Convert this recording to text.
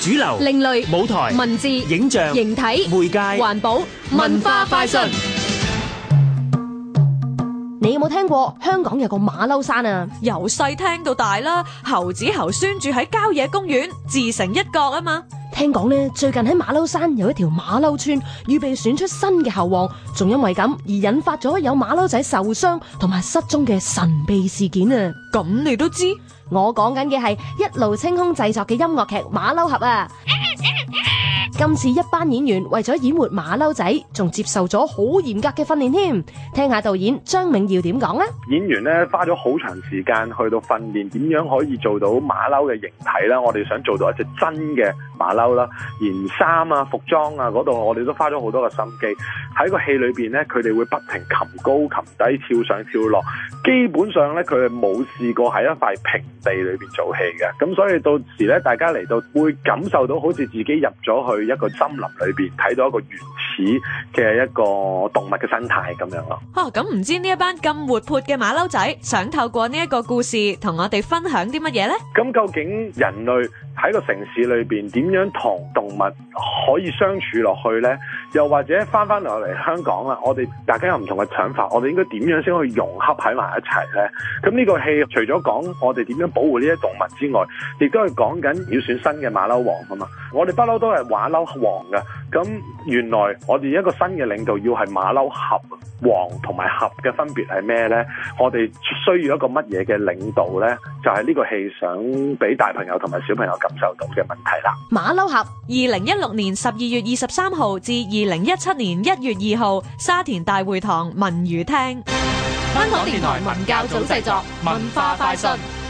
主流、另類、舞台、文字、影像、形體、媒介、環保、文化快訊。你有冇聽過香港有個馬騮山啊？由細聽到大啦，猴子猴孫住喺郊野公園，自成一角啊嘛。聽講咧，最近喺馬騮山有一條馬騮村，預備選出新嘅猴王，仲因為咁而引發咗有馬騮仔受傷同埋失蹤嘅神秘事件啊！咁你都知，我講緊嘅係一路清空製作嘅音樂劇《馬騮俠》啊！今次一班演員為咗演活馬騮仔，仲接受咗好嚴格嘅訓練添。聽下導演張明耀點講啊。演員咧花咗好長時間去到訓練，點樣可以做到馬騮嘅形體啦。我哋想做到一隻真嘅馬騮啦，連衫啊、服裝啊嗰度，我哋都花咗好多嘅心機。喺個戲裏邊咧，佢哋會不停擒高擒低，跳上跳落。基本上咧，佢係冇試過喺一塊平地裏邊做戲嘅，咁所以到時咧，大家嚟到會感受到好似自己入咗去一個森林裏邊，睇到一個圓。嘅一個動物嘅生態咁樣咯。哦，咁、嗯、唔知呢一班咁活潑嘅馬騮仔，想透過呢一個故事同我哋分享啲乜嘢咧？咁、嗯、究竟人類喺個城市裏邊點樣同動物可以相處落去咧？又或者翻翻落嚟香港啊，我哋大家有唔同嘅想法，我哋應該點樣先可以融合喺埋一齊咧？咁呢個戲除咗講我哋點樣保護呢啲動物之外，亦都係講緊要選新嘅馬騮王啊嘛。我哋不嬲都係馬騮王噶。咁原來我哋一個新嘅領導要係馬騮俠王同埋俠嘅分別係咩呢？我哋需要一個乜嘢嘅領導呢？就係、是、呢個戲想俾大朋友同埋小朋友感受到嘅問題啦。馬騮俠，二零一六年十二月二十三號至二零一七年一月二號，沙田大會堂文娛廳。香港電台文教組製作文化快訊。